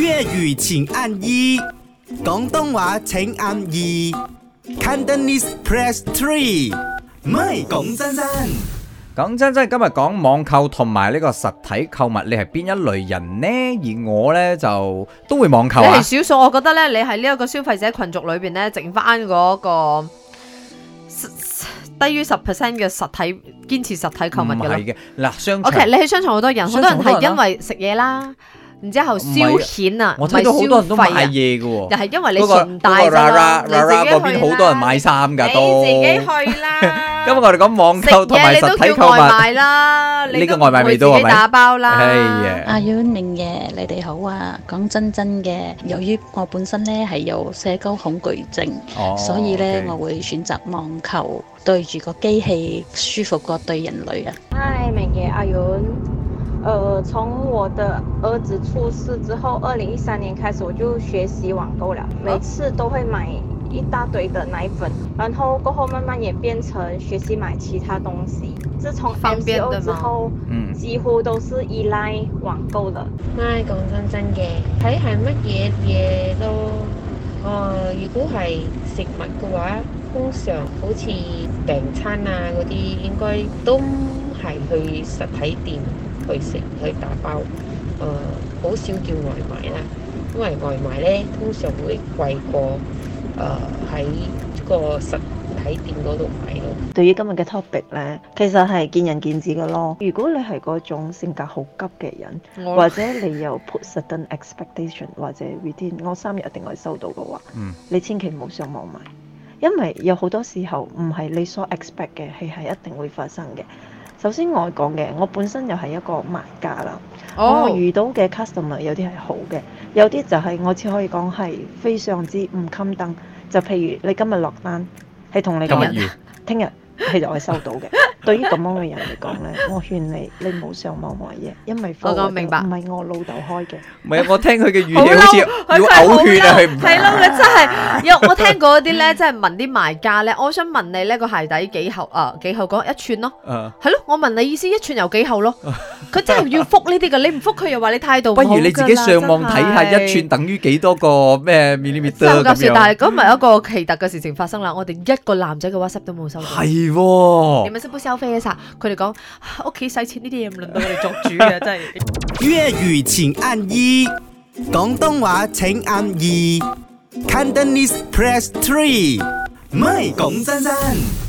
粵語請按一，廣東話請按二，Cantonese press three，唔係講真真，講真真今日講網購同埋呢個實體購物，你係邊一類人呢？而我呢，就都會網購，啊，你即係少數，我覺得呢，你喺呢一個消費者群族裏邊呢，剩翻嗰個低於十 percent 嘅實體堅持實體購物嘅嗱，商場，OK，你去商場，OK，你喺商場好多人，好多人係因為食嘢啦。然之後消遣啊，我睇到好多人都買嘢㗎喎，又係因為你順帶就你自己去啦。你自己去啦。今日我哋講網購同埋實體購買啦。呢個外賣嚟到係咪？呢個外賣嚟到係咪？自己打包啦。哎呀，阿遠明嘢，你哋好啊。講真真嘅，由於我本身咧係有社交恐懼症，所以咧我會選擇網購，對住個機器舒服過對人類啊。Hi，明嘢，阿遠。呃，從我的兒子出世之後，二零一三年開始我就學習網購了，每次都會買一大堆的奶粉，然後過後慢慢也變成學習買其他東西。自從 MCO 之後，嗯，幾乎都是依賴網購的。拉講真真嘅，睇係乜嘢嘢都，誒、呃，如果係食物嘅話，通常好似訂餐啊嗰啲，應該都係去實體店。去食去打包，誒、呃，好少叫外賣啦，因為外賣咧通常會貴過誒喺、呃、個實體店嗰度買咯。對於今日嘅 topic 咧，其實係見仁見智嘅咯。如果你係嗰種性格好急嘅人，我 或者你有 put certain expectation， 或者 within 我三日一定會收到嘅話，嗯、你千祈唔好上網買，因為有好多時候唔係你所 expect 嘅，係係一定會發生嘅。首先我講嘅，我本身又係一個賣家啦、oh. 哦 er, 就是。我遇到嘅 customer 有啲係好嘅，有啲就係我只可以講係非常之唔襟登。就譬如你今日落單，係同你嘅日聽日其實我收到嘅。 對於咁樣嘅人嚟講咧，我勸你你唔好上網買嘢，因為我明白唔係我老豆開嘅。唔係啊，我聽佢嘅語氣好似要嘔血係唔係咯？你真係，有我聽過嗰啲咧，即係問啲賣家咧，我想問你呢個鞋底幾厚啊？幾厚？講一寸咯。嗯，係咯，我問你意思一寸有幾厚咯？佢真係要覆呢啲㗎，你唔覆佢又話你態度唔好㗎啦。不如你自己上網睇下一寸等於幾多個咩 millimeter？收夾少，但係咁咪有一個奇特嘅事情發生啦。我哋一個男仔嘅 WhatsApp 都冇收到。係喎，你咪收唔收？飛佢哋講屋企使錢呢啲嘢唔輪到我哋作主嘅，真係。 粵語請按一，廣東話請按二，Cantonese press three，唔係講真真。